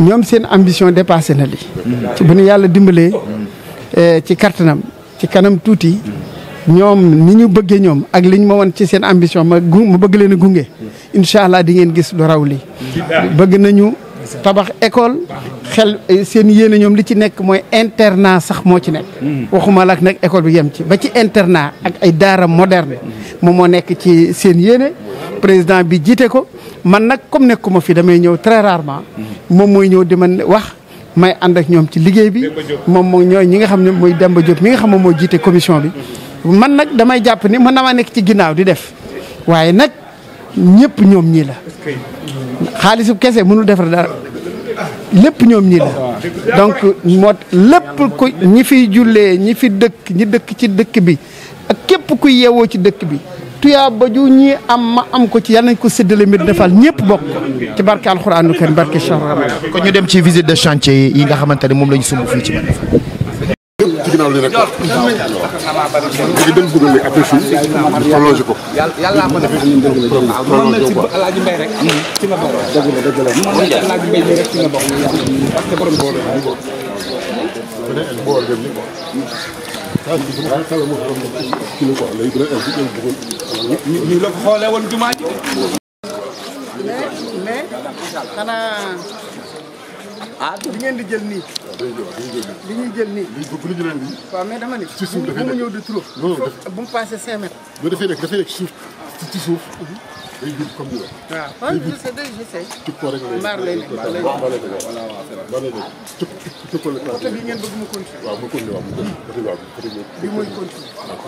ñoom seen ambition dépassé na li ci bu nu yàlla dimbalee eh, ci kattanam ci kanam tuuti ñoom ni ñu bëggee ñoom ak li ñu ma woon ci seen ambition ma gu ma bëgg leen gunge incha allah di ngeen gis lu raw li bëgg nañu tabax école xel eh, seen yéene ñoom li ci nekk mooy internat sax moo ci nekk. waxuma lak nag école bi yem ci ba ci internat ak ay daara moderne moom moo nekk ci seen yéene. président bi jiite ko man nag comme nekkuma fi damay ñëw très rarement. moom mooy ñëw di ma wax may ànd ak ñoom ci liggéey bi. moom mooy ñooy ñi nga xam ne mooy Demba Diop mi nga xam moom moo jiite commission bi. man nag damay jàpp ni mën na nekk ci ginnaaw di def waaye nag ñëpp ñoom ñii la. xaalisu kese mënul defar dara lépp ñoom ñii la. donc moo lépp ku ñi fi jullee ñi fi dëkk ñi dëkk ci dëkk bi ak képp ku yeewoo ci dëkk bi. tuyaa ba ju ñi am ma am ko ci yal nañ ko séddale mbir defal ñëpp bokk ci barke alxuraanu karim barke Cheikh kon ñu dem ci visite de chantier yi nga xamante ne moom lañu ñu sumb fii ci man ci ko. ñu la ko xoolee woon jumaa ji mais mais xanaa bi ngeen di jël nii. li ñuy jël nii. li ñu naan waaw mais dama ni. ci suuf dafay nekk bu ñëw di trop. bu mu passé 5 mètres. dafay nekk dafay ci suuf ci suuf. day jub comme la. côté bi ngeen bëgg mu continuer. waaw mu continuer waaw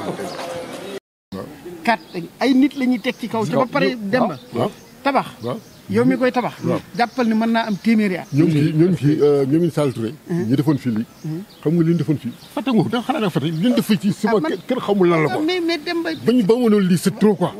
mu kat ay nit lañuy teg ci kaw. ca ba pare dem ba tabax. yow mi koy tabax. jàppal ni man naa am téeméeri at. ñoom fii ñoom fii euh, ñu Sall Touré. ñu defoon fii lii. xam nga li ñu defoon fi Fatick nga ko da nga xanaa da nga Fatick li ñu def fii ci suba ah, kenn xamul lan la ko. Ah, mais mais dem ba. ba ñu ba lii c'est trop quoi.